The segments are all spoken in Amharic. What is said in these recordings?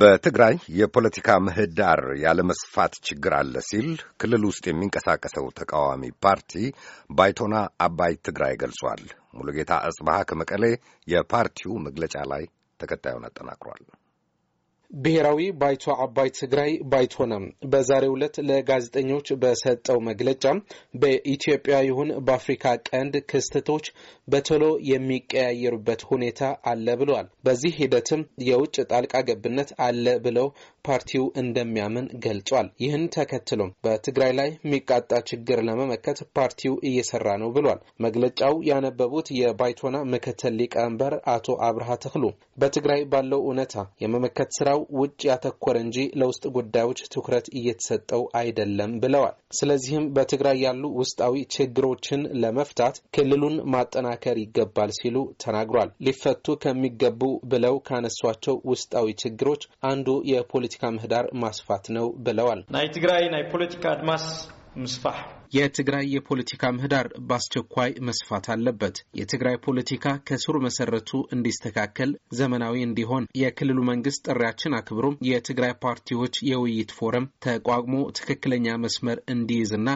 በትግራይ የፖለቲካ ምህዳር ያለመስፋት ችግር አለ ሲል ክልል ውስጥ የሚንቀሳቀሰው ተቃዋሚ ፓርቲ ባይቶና አባይ ትግራይ ገልጿል። ሙሉጌታ አጽባሃ ከመቀሌ የፓርቲው መግለጫ ላይ ተከታዩን አጠናቅሯል። ብሔራዊ ባይቶ አባይ ትግራይ ባይቶና በዛሬው ዕለት ለጋዜጠኞች በሰጠው መግለጫ በኢትዮጵያ ይሁን በአፍሪካ ቀንድ ክስተቶች በቶሎ የሚቀያየሩበት ሁኔታ አለ ብለዋል። በዚህ ሂደትም የውጭ ጣልቃ ገብነት አለ ብለው ፓርቲው እንደሚያምን ገልጿል። ይህን ተከትሎም በትግራይ ላይ የሚቃጣ ችግር ለመመከት ፓርቲው እየሰራ ነው ብሏል። መግለጫው ያነበቡት የባይቶና ምክትል ሊቀመንበር አቶ አብርሃ ተክሉ በትግራይ ባለው እውነታ የመመከት ስራ ስራው ውጭ ያተኮረ እንጂ ለውስጥ ጉዳዮች ትኩረት እየተሰጠው አይደለም ብለዋል። ስለዚህም በትግራይ ያሉ ውስጣዊ ችግሮችን ለመፍታት ክልሉን ማጠናከር ይገባል ሲሉ ተናግሯል። ሊፈቱ ከሚገቡ ብለው ካነሷቸው ውስጣዊ ችግሮች አንዱ የፖለቲካ ምህዳር ማስፋት ነው ብለዋል። ናይ ትግራይ ናይ ፖለቲካ አድማስ ምስፋሕ የትግራይ የፖለቲካ ምህዳር በአስቸኳይ መስፋት አለበት። የትግራይ ፖለቲካ ከስሩ መሰረቱ እንዲስተካከል፣ ዘመናዊ እንዲሆን የክልሉ መንግስት ጥሪያችን አክብሮም የትግራይ ፓርቲዎች የውይይት ፎረም ተቋቁሞ ትክክለኛ መስመር እንዲይዝና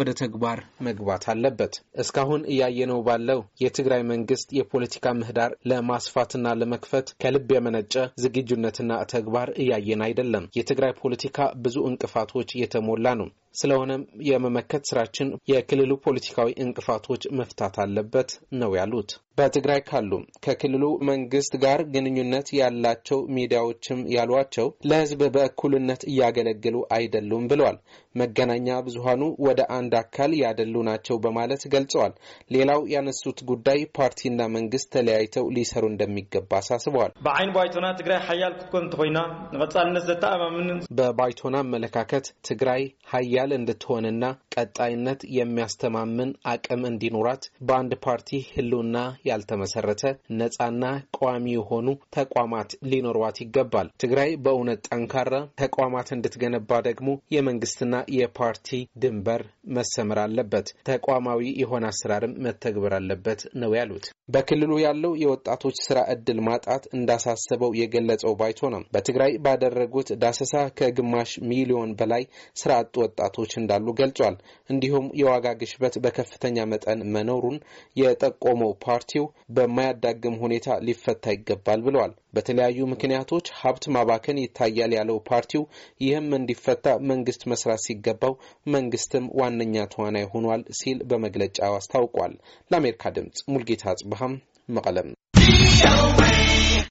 ወደ ተግባር መግባት አለበት። እስካሁን እያየነው ባለው የትግራይ መንግስት የፖለቲካ ምህዳር ለማስፋትና ለመክፈት ከልብ የመነጨ ዝግጁነትና ተግባር እያየን አይደለም። የትግራይ ፖለቲካ ብዙ እንቅፋቶች የተሞላ ነው። ስለሆነም የመመከት ስራችን የክልሉ ፖለቲካዊ እንቅፋቶች መፍታት አለበት ነው ያሉት። በትግራይ ካሉ ከክልሉ መንግስት ጋር ግንኙነት ያላቸው ሚዲያዎችም ያሏቸው ለህዝብ በእኩልነት እያገለገሉ አይደሉም ብለዋል። መገናኛ ብዙሀኑ ወደ አንድ አካል ያደሉ ናቸው በማለት ገልጸዋል። ሌላው ያነሱት ጉዳይ ፓርቲና መንግስት ተለያይተው ሊሰሩ እንደሚገባ አሳስበዋል። በአይን ባይቶና ትግራይ ሀያል ክትኮን እንተኮይና ንቀጻልነት ዘተአማምን በባይቶና አመለካከት ትግራይ ሀያል እንድትሆንና ቀጣይነት የሚያስተማምን አቅም እንዲኖራት በአንድ ፓርቲ ህልውና ያልተመሰረተ ነጻና ቋሚ የሆኑ ተቋማት ሊኖሯት ይገባል። ትግራይ በእውነት ጠንካራ ተቋማት እንድትገነባ ደግሞ የመንግስትና የፓርቲ ድንበር መሰመር አለበት፣ ተቋማዊ የሆነ አሰራርም መተግበር አለበት ነው ያሉት። በክልሉ ያለው የወጣቶች ስራ እድል ማጣት እንዳሳሰበው የገለጸው ባይቶ ነው በትግራይ ባደረጉት ዳሰሳ ከግማሽ ሚሊዮን በላይ ስራ አጡ ወጣቶች እንዳሉ ገልጿል። እንዲሁም የዋጋ ግሽበት በከፍተኛ መጠን መኖሩን የጠቆመው ፓርቲው በማያዳግም ሁኔታ ሊፈታ ይገባል ብለዋል። በተለያዩ ምክንያቶች ሀብት ማባከን ይታያል ያለው ፓርቲው ይህም እንዲፈታ መንግስት መስራት ሲገባው መንግስትም ዋነኛ ተዋናይ ሆኗል ሲል በመግለጫው አስታውቋል። ለአሜሪካ ድምጽ ሙልጌታ አጽብሃም መቀለም